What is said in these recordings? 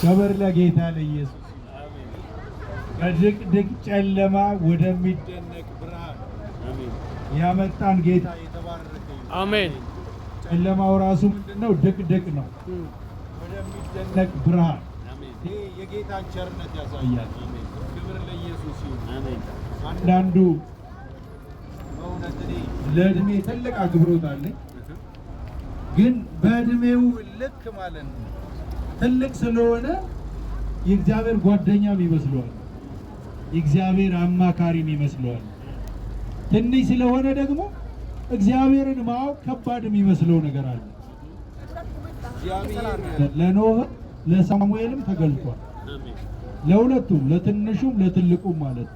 ክብር ለጌታ ለኢየሱስ። ከድቅድቅ ጨለማ ወደሚደነቅ ብርሃን ያመጣን ጌታ የተባረከ አሜን። ጨለማው ራሱ ምንድነው? ድቅድቅ ነው። ወደሚደነቅ ብርሃን ይህ የጌታን ቸርነት ያሳያል። ክብር ለኢየሱስ ይሁን። አንዳንዱ ለእድሜ ትልቅ አክብሮት አለኝ፣ ግን በእድሜው ልክ ማለት ነው ትልቅ ስለሆነ የእግዚአብሔር ጓደኛም ይመስለዋል፣ የእግዚአብሔር አማካሪም ይመስለዋል። ትንሽ ስለሆነ ደግሞ እግዚአብሔርን ማወቅ ከባድ የሚመስለው ነገር አለ። ለኖህ ለሳሙኤልም ተገልጧል። ለሁለቱም ለትንሹም ለትልቁም ማለት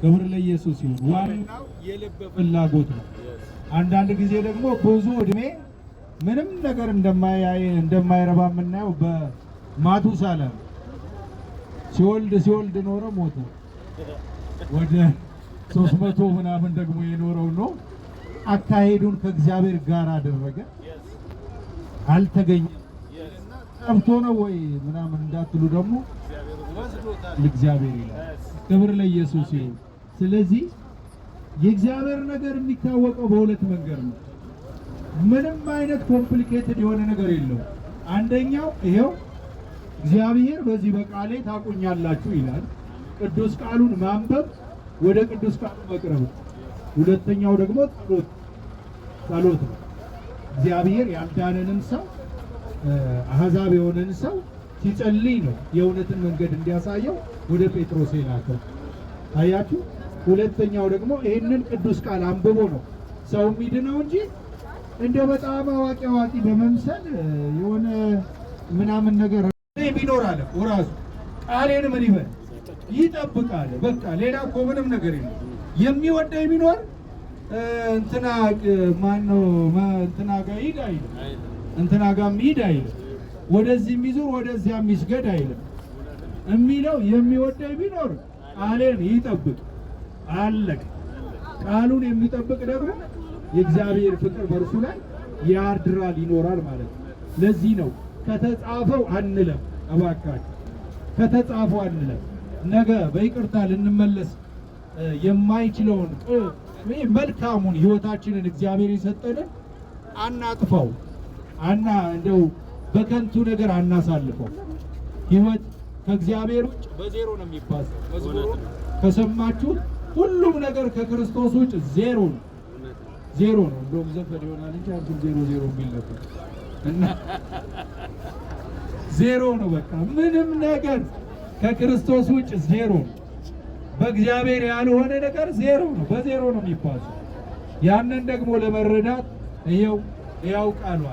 ክብር ለኢየሱስ ይሁን። ዋናው የልብ ፍላጎት ነው። አንዳንድ ጊዜ ደግሞ ብዙ እድሜ ምንም ነገር እንደማይረባ የምናየው በማቱሳላ ነው። ሲወልድ ሲወልድ ኖረ ሞተ። ወደ ሶስት መቶ ምናምን ደግሞ የኖረው ነው። አካሄዱን ከእግዚአብሔር ጋር አደረገ። አልተገኘም። ጠፍቶ ነው ወይ ምናምን እንዳትሉ ደግሞ እግዚአብሔር ይላል። ክብር ለኢየሱስ ይሁን። ስለዚህ የእግዚአብሔር ነገር የሚታወቀው በሁለት መንገድ ነው። ምንም አይነት ኮምፕሊኬትድ የሆነ ነገር የለው። አንደኛው ይሄው እግዚአብሔር በዚህ በቃሌ ታቁኛላችሁ ይላል። ቅዱስ ቃሉን ማንበብ፣ ወደ ቅዱስ ቃሉ መቅረብ። ሁለተኛው ደግሞ ጸሎት ጸሎት ነው። እግዚአብሔር ያልዳነንን ሰው አህዛብ የሆነን ሰው ሲጸልይ ነው የእውነትን መንገድ እንዲያሳየው ወደ ጴጥሮስ የላከው። አያችሁ፣ ሁለተኛው ደግሞ ይህንን ቅዱስ ቃል አንብቦ ነው ሰው ሚድነው እንጂ እንደ በጣም አዋቂ አዋቂ በመምሰል የሆነ ምናምን ነገር ቢኖር አለ ራሱ ቃሌን ምን ይበል ይጠብቃል። በቃ ሌላ እኮ ምንም ነገር የለም። የሚወደ ቢኖር እንትና ማነው እንትና ጋ ሂድ አይልም፣ እንትና ጋ ሂድ አይልም፣ ወደዚህ የሚዞር ወደዚያ የሚስገድ አይልም። የሚለው የሚወደ ቢኖር ቃሌን ይጠብቅ አለቅ ቃሉን የሚጠብቅ ደግሞ የእግዚአብሔር ፍቅር በእርሱ ላይ ያድራል ይኖራል ማለት ነው። ለዚህ ነው ከተጻፈው አንለም፣ እባካችሁ ከተጻፈው አንለም። ነገ በይቅርታ ልንመለስ የማይችለውን መልካሙን ህይወታችንን እግዚአብሔር የሰጠንን አናጥፈው አና እንደው በከንቱ ነገር አናሳልፈው። ህይወት ከእግዚአብሔር ውጭ በዜሮ ነው የሚባል ከሰማችሁ ሁሉም ነገር ከክርስቶስ ውጭ ዜሮ ነው። ዜሮ ነው። እንደውም ዘፈን ይሆናል እንጂ አንቱም ዜሮ ዜሮ የሚል ነበር እና ዜሮ ነው። በቃ ምንም ነገር ከክርስቶስ ውጭ ዜሮ ነው። በእግዚአብሔር ያልሆነ ነገር ዜሮ ነው። በዜሮ ነው የሚባለው። ያንን ደግሞ ለመረዳት ይኸው ያው አለ።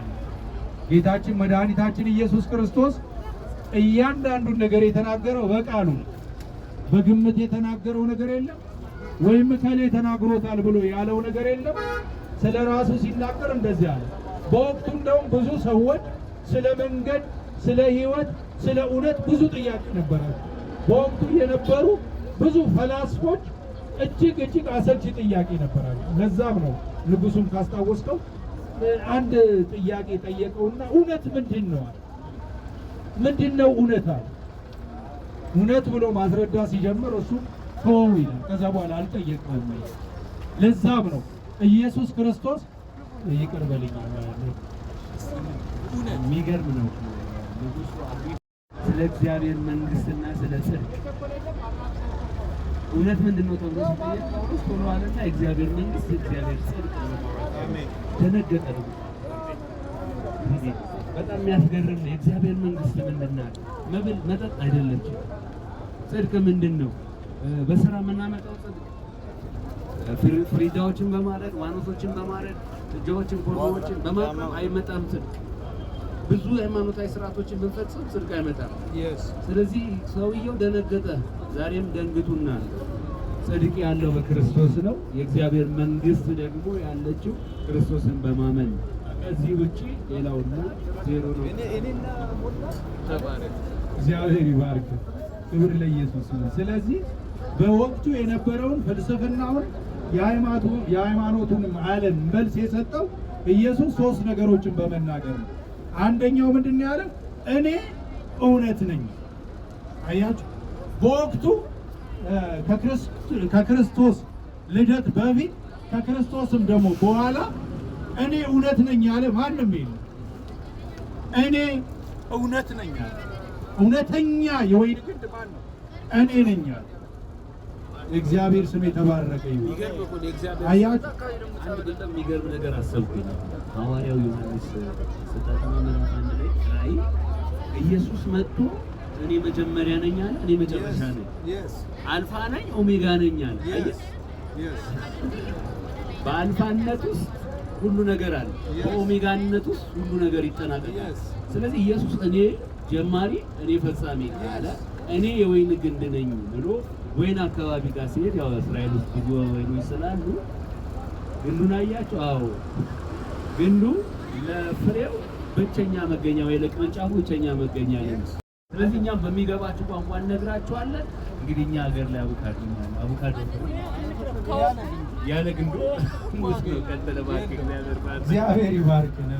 ጌታችን መድኃኒታችን ኢየሱስ ክርስቶስ እያንዳንዱን ነገር የተናገረው በቃሉ ነው። በግምት የተናገረው ነገር የለም። ወይም ከላይ ተናግሮታል ብሎ ያለው ነገር የለም። ስለ ራሱ ሲናገር እንደዚህ አለ። በወቅቱ እንደውም ብዙ ሰዎች ስለ መንገድ፣ ስለ ህይወት ስለ እውነት ብዙ ጥያቄ ነበራቸው። በወቅቱ የነበሩ ብዙ ፈላስፎች እጅግ እጅግ አሰልቺ ጥያቄ ነበራቸው። ለዛም ነው ንጉሡም ካስታወስከው አንድ ጥያቄ ጠየቀውና እውነት ምንድን ነው ምንድን ነው እውነት አለ። እውነት ብሎ ማስረዳ ሲጀምር እሱ ተወው ይላል። ከዛ በኋላ አልጠየቀውም ለዛም ነው ኢየሱስ ክርስቶስ ይቅር በልኝ የሚገርም ነው። ስለ እግዚአብሔር መንግስትና ስለ ጽድቅ እውነት ምንድን ነው ተብሎ አለና የእግዚአብሔር መንግስት ጽድቅ በጣም የሚያስገርም የእግዚአብሔር መንግስት ምንድን ናት? መብል መጠጥ አይደለችም። ጽድቅ ምንድን ነው? በስራ የምናመጣው ጽድቅ ፍሪዳዎችን በማድረግ ዋኖሶችን በማድረግ ጥጃዎችን፣ ኮርማዎችን በማቅረብ አይመጣም ጽድቅ። ብዙ የሃይማኖታዊ ስርዓቶችን ብንፈጽም ጽድቅ አይመጣም። ስለዚህ ሰውየው ደነገጠ። ዛሬም ደንግቱና ጽድቅ ያለው በክርስቶስ ነው። የእግዚአብሔር መንግስት ደግሞ ያለችው ክርስቶስን በማመን ከዚህ ውጭ ሌላውና ዜሮ ነው። እግዚአብሔር ይባርክ። ክብር ለኢየሱስ ነው። ስለዚህ በወቅቱ የነበረውን ፍልስፍናውን የሃይማኖቱንም ዓለም መልስ የሰጠው ኢየሱስ ሶስት ነገሮችን በመናገር ነው። አንደኛው ምንድን ነው ያለ? እኔ እውነት ነኝ። አያችሁ፣ በወቅቱ ከክርስቶስ ልደት በፊት ከክርስቶስም ደግሞ በኋላ እኔ እውነት ነኝ ያለ ማንም የለም። እኔ እውነት ነኝ ያለ እውነተኛ የወይን ግንድ ማን ነው? እኔ ነኝ ያለ እግዚአብሔር ስም የተባረከ ይሁን። የሚገርም ነገር አሰብኩኝ። ሐዋርያው ዮሐንስ ስጠጥና ምዕራፍ አንድ ላይ ኢየሱስ መጥቶ እኔ መጀመሪያ ነኝ አለ፣ እኔ መጨረሻ ነኝ፣ አልፋ ነኝ፣ ኦሜጋ ነኝ አለ። በአልፋነት ውስጥ ሁሉ ነገር አለ፣ በኦሜጋነት ውስጥ ሁሉ ነገር ይጠናቀቃል። ስለዚህ ኢየሱስ እኔ ጀማሪ፣ እኔ ፈጻሚ አለ። እኔ የወይን ግንድ ነኝ ብሎ ወይን አካባቢ ጋር ሲሄድ ያው እስራኤል ውስጥ ብዙ ወይኖች ስላሉ ግንዱን አያቸው። አዎ ግንዱ ለፍሬው ብቸኛ መገኛ ወይ ለቅርንጫፉ ብቸኛ መገኛ ነው። ስለዚህ እኛም በሚገባችሁ ቋንቋ እነግራችኋለን። እንግዲህ እኛ ሀገር ላይ አቮካዶ አቮካዶ ያለ ግንዱ ሙስሊም ከተለባክ እግዚአብሔር ይባርክ።